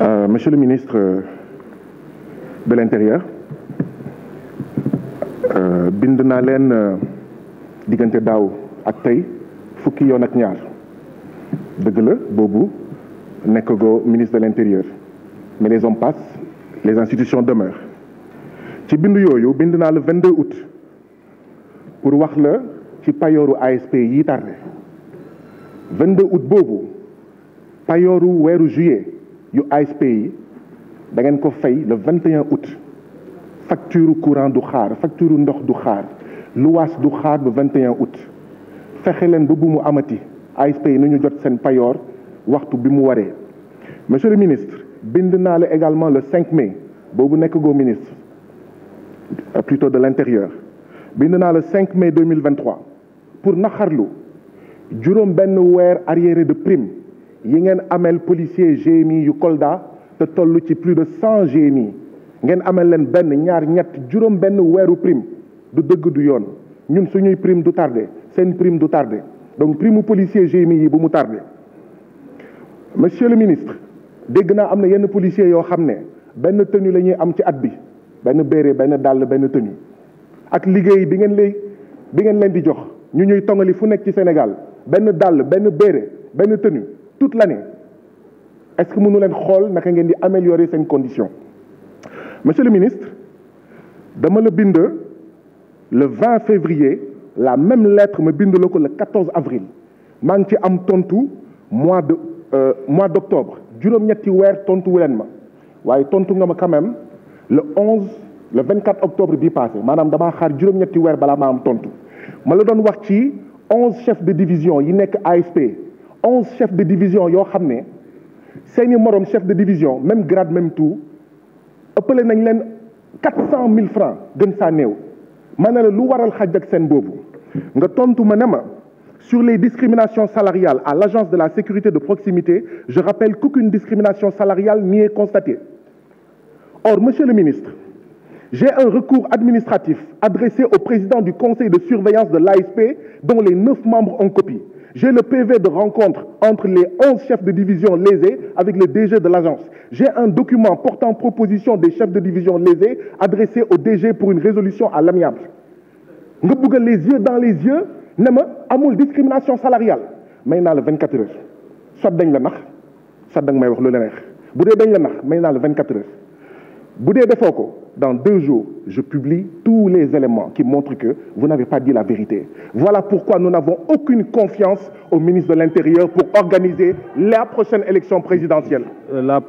Euh, monsieur le ministre euh, de l'intérieur euh, Bindunalen naa leen diggante ak fukki ministre de l'intérieur mais les hommes passent les institutions demeurent ci Bindu yooyu le 22 août pour wax le ci Payoru ASP yi tardé 22 août boobu Payoru ou juillet yu ASP da ngeen ko fay le 21 août facture courant du xaar facture ndox du xaar louas du xaar le 21 août fexé len bu amati ASP yi nous jot sen payor waxtu bi mu monsieur le ministre bind également le 5 mai bobu nek go ministre euh, plutôt de l'intérieur bind le 5 mai 2023 pour naxarlu Juron ben wèr arriéré de prime yi ngeen amel policier GMI yu Kolda te tollu plus de 100 GMI a un ben ñaar ñett juroom ben prime du deug du yoon ñun suñuy prime du tardé prime donc prime policier GMI yi bu mu monsieur le ministre dégg na y yenn policier yo xamné ben tenue am ci at bi ben plus de dal ben tenue ak liggéey bi lay bi plus di jox ñu ñuy Sénégal ben dal plus toute l'année est-ce que nous allons améliorer ces conditions monsieur le ministre dama le 20 février la même lettre me le 14 avril le mois de euh, mois d'octobre le ñetti wër tontu wu tontu quand même le 11 le 24 octobre Je passé Manam dama ñetti 11 chefs de division yi nek ASP. 11 chefs de division chef de division même grade même tout 400 nañ len 400 francs gën sa néw mané lu waral xajj sur les discriminations salariales à l'agence de la sécurité de proximité je rappelle qu'aucune discrimination salariale n'y est constatée or monsieur le ministre j'ai un recours administratif adressé au président du conseil de surveillance de l'ASP dont les neuf membres ont copie j'ai le PV de rencontre entre les 11 chefs de division lésés avec le DG de l'agence. J'ai un document portant proposition des chefs de division lésés adressé au DG pour une résolution à l'amiable. Nous bougeons les yeux dans les yeux, nous avons discrimination salariale. Maintenant, le 24 heures. Soit le soit may wax maintenant 24 heures dans deux jours, je publie tous les éléments qui montrent que vous n'avez pas dit la vérité. Voilà pourquoi nous n'avons aucune confiance au ministre de l'Intérieur pour organiser la prochaine élection présidentielle. Euh,